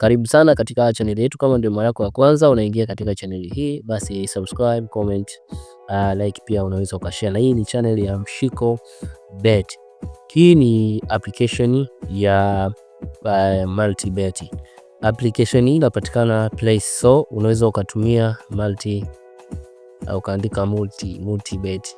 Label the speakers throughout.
Speaker 1: Karibu sana katika channel yetu. Kama ndio mara yako ya kwanza unaingia katika channel hii, basi subscribe, comment, uh, like pia unaweza ukashare, na hii ni channel ya Mshiko Bet. Hii ni application ya uh, multi bet. Application hii inapatikana Play Store, unaweza ukatumia multi au uh, ukaandika multi multi bet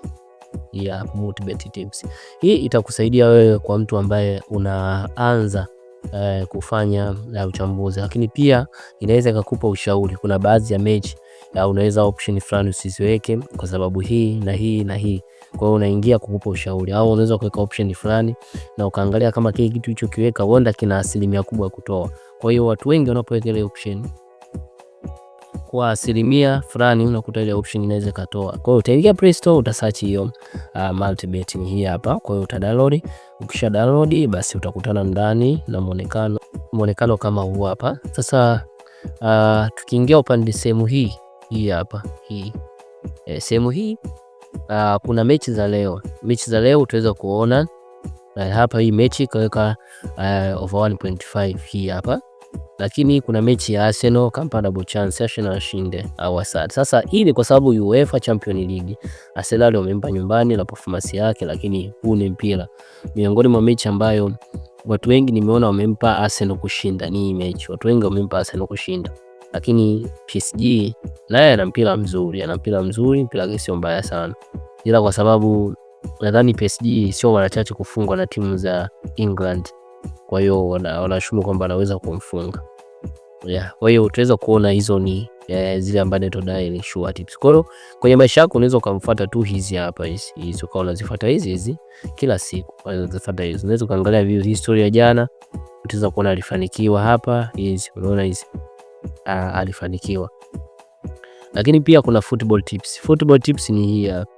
Speaker 1: ya multi bet teams. Hii itakusaidia wewe kwa mtu ambaye unaanza eh, kufanya eh, uchambuzi, lakini pia inaweza ikakupa ushauri. Kuna baadhi ya mechi ya eh, unaweza option fulani usiziweke kwa sababu hii na hii na hii, kwa hiyo unaingia kukupa ushauri, au unaweza kuweka option fulani na ukaangalia kama kile kitu hicho kiweka wanda kina asilimia kubwa kutoa. Kwa hiyo watu wengi wanapoweka ile option kwa asilimia fulani unakuta ile option inaweza ikatoa. Kwa hiyo utaingia Play Store utasearch hiyo uh, multi betting hii hapa. Kwa hiyo utadownload, ukisha download basi utakutana ndani na muonekano muonekano kama huu hapa. Sasa uh, tukiingia upande sehemu hii hii hapa hii e, sehemu hii uh, kuna mechi za leo, mechi za leo utaweza kuona na hapa hii mechi kaweka uh, over 1.5 hii hapa lakini kuna mechi ya Arsenal kampa double chance, Arsenal ashinde au asare. Sasa hii ni kwa sababu UEFA Champion League Arsenal wamempa nyumbani na performance yake, lakini huu ni mpira. Miongoni mwa mechi ambayo watu wengi nimeona wamempa Arsenal kushinda ni mechi, watu wengi wamempa Arsenal kushinda, lakini PSG naye ana mpira mzuri, ana mpira mzuri, mpira wake sio mbaya sana, ila kwa sababu nadhani PSG sio mara chache kufungwa na timu za England kwa hiyo wanashumu kwamba anaweza kumfunga. Yeah, kwa hiyo utaweza kuona hizo ni yeah, zile ambazo tunadai ni sure tips. Kwa hiyo kwenye maisha yako unaweza kumfuata tu hizi hapa hizi hizo, kwa unazifuata hizi hizi kila siku, kwa hiyo unazifuata hizo. Unaweza kuangalia view history ya jana, utaweza kuona alifanikiwa hapa, hizi unaona hizi ah, alifanikiwa. Lakini pia kuna football tips. Football tips ni hii hapa,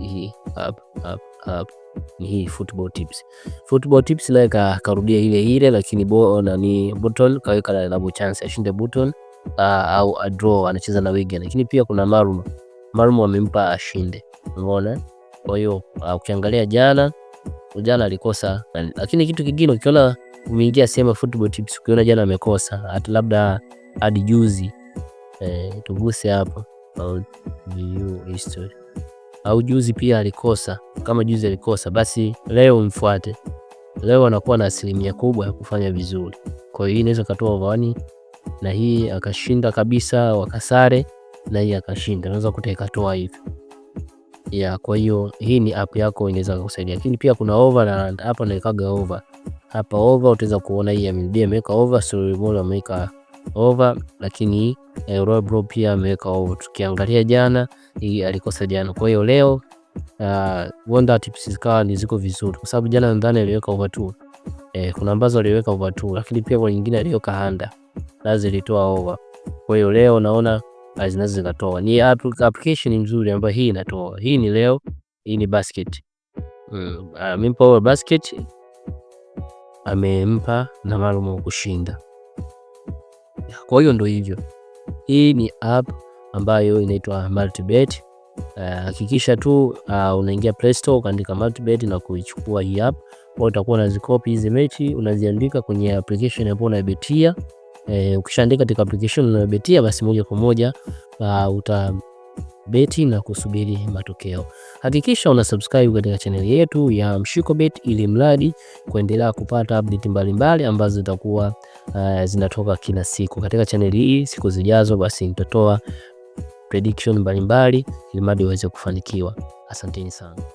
Speaker 1: hii hapa hapa hapa ni hii football tips. Football tips naye karudia ile ile, lakini bo na ni Burton kaweka na labo chance ashinde Button au a draw, anacheza na Wigan. Lakini pia kuna Marumo, Marumo wamempa ashinde, unaona. Kwa hiyo ukiangalia jana jana alikosa, lakini kitu kingine ukiona umeingia sema football tips, ukiona jana amekosa hata labda hadi juzi eh, tuguse hapa about the history au juzi pia alikosa, kama juzi alikosa, basi leo mfuate. Leo anakuwa na asilimia kubwa ya kufanya vizuri. Kwa hiyo hii inaweza katoa over na hii akashinda kabisa, wakasare na hii akashinda, naweza kuta ikatoa hivyo ya. Kwa hiyo hii ni app yako inaweza kukusaidia, lakini pia kuna over na hapa naikaga over hapa. Over utaweza kuona hii ameweka over, story ameweka over, lakini eh, Roy Bro pia ameweka over. Tukiangalia jana hii alikosa jana, kwa hiyo leo uh, Wonder Tips zikawa ni ziko vizuri, kwa sababu jana ndani aliweka over tu eh, kuna ambazo aliweka over tu, lakini pia kwa nyingine aliweka handa na zilitoa over. Kwa hiyo leo naona ah, zinaweza zikatoa, ni application nzuri ambayo hii inatoa. Hii ni leo, hii ni basket mm, amempa ah, over basket, amempa na malumu kushinda kawaida. Kwa hiyo ndo hivyo, hii ni app ambayo inaitwa Multibet. Eh, hakikisha uh, tu uh, unaingia Play Store ukaandika Multibet na kuichukua hii app, kwa utakuwa unazikopi hizi mechi unaziandika kwenye application ambayo unabetia. Uh, eh, ukishaandika katika application unabetia, basi moja kwa moja uh, uta beti na kusubiri matokeo. Hakikisha una subscribe katika chaneli yetu ya Mshiko Bet ili mradi kuendelea kupata update mbalimbali mbali ambazo zitakuwa uh, zinatoka kila siku katika chaneli hii. Siku zijazo basi nitatoa prediction mbalimbali ili mradi uweze kufanikiwa. Asanteni sana.